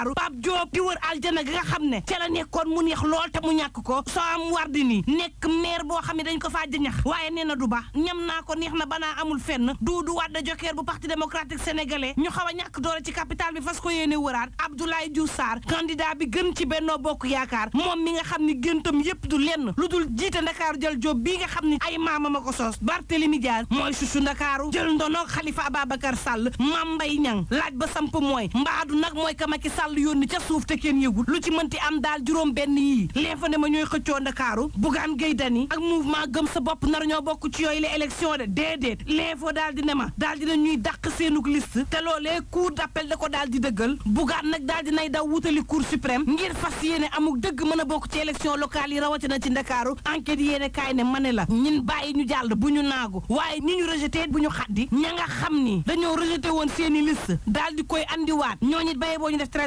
ndakaaru Pape Diop wër aljana gi nga xam ne ca la nekkoon mu neex lool te mu ñàkk ko soo am war di nii nekk maire boo xam ne dañ ko faa jëñax waaye nee na du ba ñam naa ko neex na banaa amul fenn du Doudou Wade jokeer bu parti démocratique sénégalais ñu xaw a ñàkk doole ci capital bi fas ko yéene wëraat Abdoulaye Diouf Sarr candidat bi gën ci Benno Bokk Yaakaar moom mi nga xam ne géntam yépp du lenn lu dul jiite ndakaaru jël joob bi nga xam ne ay maama ma ko soos Barthélémy Dias mooy susu ndakaaru jël ndonoog Khalifa Ababacar Sall Mame Mbaye Niang laaj ba samp mooy mbaadu nag mooy ka Macky Sall Sall yónni ca suuf te kenn yëgul lu ci mënti am daal juróom benn yii leefa ne ma ñooy xëccoo ndakaaru Bougane Gueye Dany ak mouvement gëm sa bopp nar ñoo bokk ci yooyu la élection de déedéet leefo daal ne ma daal dina ñuy dàq seenug liste te loolee cour d'appel da ko daal di dëggal Bougane nag daal nay daw wutali cour suprême ngir fas yéene amuk dëgg mën a bokk ci élection locale yi rawatina ci ndakaaru enquête yéene kaay ne ma ne la ñin bàyyi ñu jàll bu ñu naagu waaye ñi ñu rejeté bu ñu xaddi ña xam ni dañoo rejeté woon seeni liste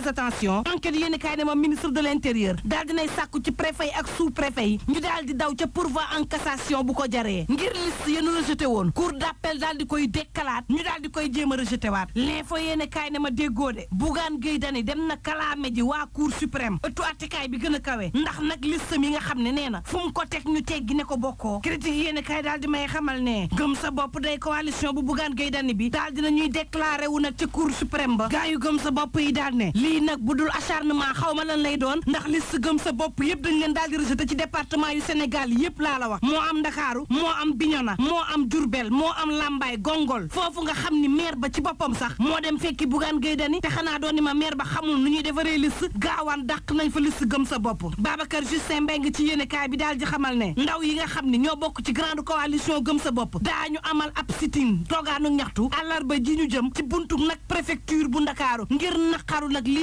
très attention enquête yéen kaay ne ma ministre de l'intérieur daal dinay sàkku ci préfet yi ak sous préfet yi ñu daal di daw ca pourvoi en bu ko jaree ngir liste yéen rejeté woon cour d'appel daal koy dekkalaat ñu daal koy jéem a rejeté waat l'info yéen ma déggoo de Bougane Gueye dem na kalaame ji waa cour suprême ëttu attikaay bi gën a kawe ndax nag liste mi nga xam ne nee na ko teg ñu teggi ne ko bokkoo critique yéen kaay daal di may xamal ne lii nag bu dul acharnement xaw ma lan lay doon ndax liste gëm sa bopp yëpp dañ leen daal di ci département yu Sénégal yëpp laa la wax moo am Ndakaaru moo am Bignona moo am Diourbel moo am Lambaye Gongol foofu nga xam ni maire ba ci boppam sax moo dem fekki Bougane Gueye Dany te xanaa doon ni ma maire ba xamul nu ñuy defaree liste gaawaan dax nañ fa liste gëm sa bopp Babacar Justin Mbengue ci yéenekaay bi daal di xamal ne ndaw yi nga xam ni ñoo bokk ci grande coalition gëm sa bopp daañu amal ab sitting toogaanu ñaxtu àllarba ji ñu jëm ci buntu nag préfecture bu Ndakaaru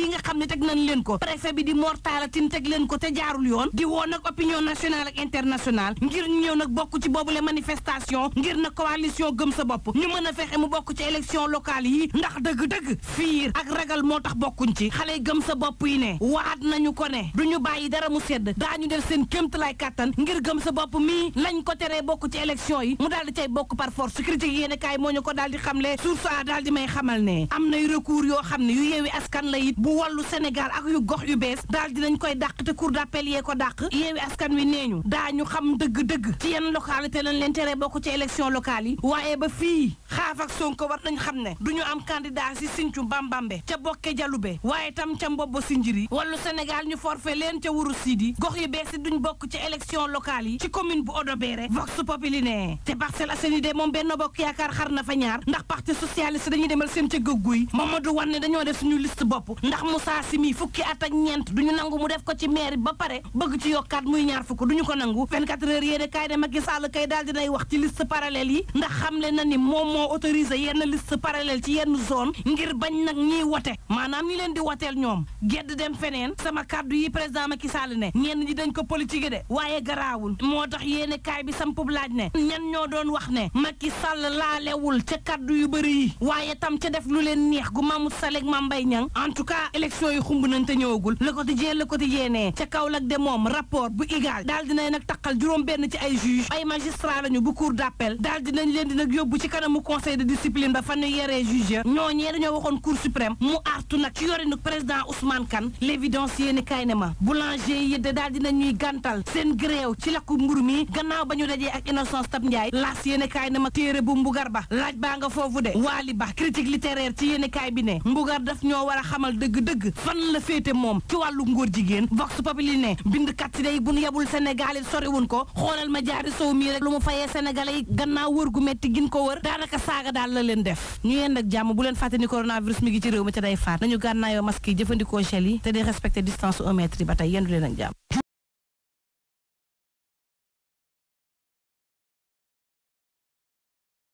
yi nga xam ne teg nañ leen ko préfet bi di Mortala Tine teg leen ko te jaarul yoon di woo nag opinion nationale ak internationale ngir ñu ñëw nag bokk ci la manifestation ngir na coalition gëm sa bopp ñu mën a fexe mu bokk ci élection locale yi ndax dëgg-dëgg fiir ak ragal moo tax bokkuñ ci xale yi gëm sa bopp yi ne waat nañu ko ne ñu bàyyi dara mu sedd daañu def seen kéemtalaay kàttan ngir gëm sa bopp mii lañ ko teree bokk ci élection yi mu daal di cay bokk par force sécurité yéen moo ñu ko daal di xamle source a daal di may xamal ne am nay recours yoo xam ne yu askan la it bu wàllu Sénégal ak yu gox yu bees daal dinañ koy dàq te cour d'appel yee ko dàq yeewi askan wi nee ñu daañu xam dëgg-dëgg ci yenn localité lañ leen tere bokk ci élection locale yi waaye ba fii xaaf ak Sonko war nañ xam ne du ñu am candidat si Sinthiou Bambambe ca Bokke Jalube waaye tam ca Mbobbo Sinjiri wàllu Sénégal ñu forfait leen ca Wuro Sidi gox yu bees yi duñ bokk ci élection locale yi ci commune bu Odobéré Vox Populi ne te Parcelles de moom benn bokk yaakaar xar na fa ñaar ndax parti socialiste dañuy demal seen ca gëgguy Mamadou Wane dañoo def suñu liste bopp ndax Moussa Sy fukki at ak ñeent duñu nangu mu def ko ci mairie ba pare bëgg ci yokkat muy ñaar fukk duñu ko nangu 24 heures yéene kaay ne Macky Sall kay daal dinay wax ci liste parallèle yi ndax xamle na ni moom moo autorisé yenn liste parallèle ci yenn zone ngir bañ nag ñiy wote maanaam ñi leen di woteel ñoom gedd dem feneen sama kàddu yi président Macky Sall ne ñenn ñi dañ ko politique de waaye garaawul moo tax yéene kaay bi sam pub laaj ne ñan ñoo doon wax ne Macky Sall laalewul ca kàddu yu bëri yi waaye tam ca def lu leen neex gu Mamoud Salek Mambay Niang en tout cas élection yi xumb nañ te ñëwagul le quotidien le quotidien ne ca Kaolack de moom rapport bu igal daal dinañ nag taqal juróom benn ci ay juge ay magistrat lañu bu cour d'appel daal dinañ leen di nag yóbbu ci kanamu conseil de discipline ba fa ñu yeree juge ñoo ñee dañoo waxoon cour suprême mu artu nag ci yorinu président Ousmane Kane l'évidence yéeni kay ne ma boulanger yi de daal dinañ ñuy gàntal seen gréew ci lakk mburu mi gannaaw ba ñu dajee ak innocence tab Ndiaye laas yéeni kaay ne ma téere bu mbugar ba laaj baa foofu de waali ba critique littéraire ci yéeni kaay bi ne mbugar daf ñoo war a xamal dëgg dëgg fan la féete moom ci wàllu ngóor jigéen vox populi ne kat si day bu nu yebul Sénégal yi soriwun ko xoolal ma jaari sow mii rek lu mu fayee sénégalais yi gannaaw wër gu metti gin ko wër daanaka saaga daal la leen def ñu yéen ak jàmm bu leen fàtte ni coronavirus mi ngi ci réew mi ca day faat nañu gànnaayoo masque yi jëfandikoo gel yi te di respecté distance un mètre yi ba tey yendu leen ak jàmm